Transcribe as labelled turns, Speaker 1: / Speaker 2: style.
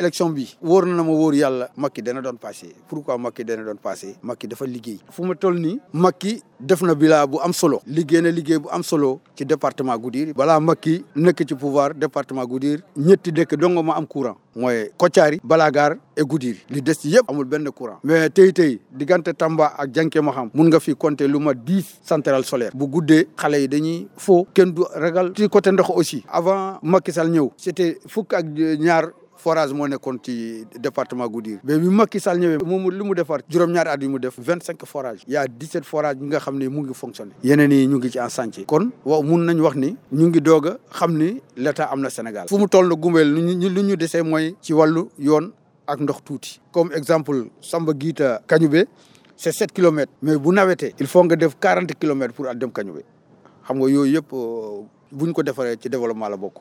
Speaker 1: élection bi wóor na ma wóor yàlla Macky dana doon passé pourquoi Macky dana doon passé Macky dafa liggéey fu ma toll nii Macky def na bilaa bu am solo liggéey na liggéey bu am solo ci département Goudiri balaa Macky nekk ci pouvoir département Goudiri ñetti dëkk dongo ma am courant mooy Kotiari Balagaar et Goudiri li des yëpp amul benn courant mais tey tey diggante Tamba ak Janké ma xam mun nga fi compter lu ma dix central solaire bu guddee xale yi dañuy fo kenn du ragal côté ndox aussi avant Macky Sall ñëw forage moo nekkoon ci département Goudiri mais bi Macky Sall ñëwee moom li mu defar juróom-ñaari at yu mu def vingt cinq forage y a dix sept forage nga xam ni mu ngi fonctionné yeneen yi ñu ngi ci en chantier kon waaw mun nañ wax ni ñu ngi doog xam ni l'état am na Sénégal fu mu toll na gumbeel luñu lu ñu desee mooy ci wàllu yoon ak ndox tuuti comme exemple Samba Guita Kañube c'est sept kilomètres mais bu nawetee il faut nga def quarante kilomètres pour a dem Kañube xam nga yooyu yëpp euh, buñ ko defaree ci développement la bokk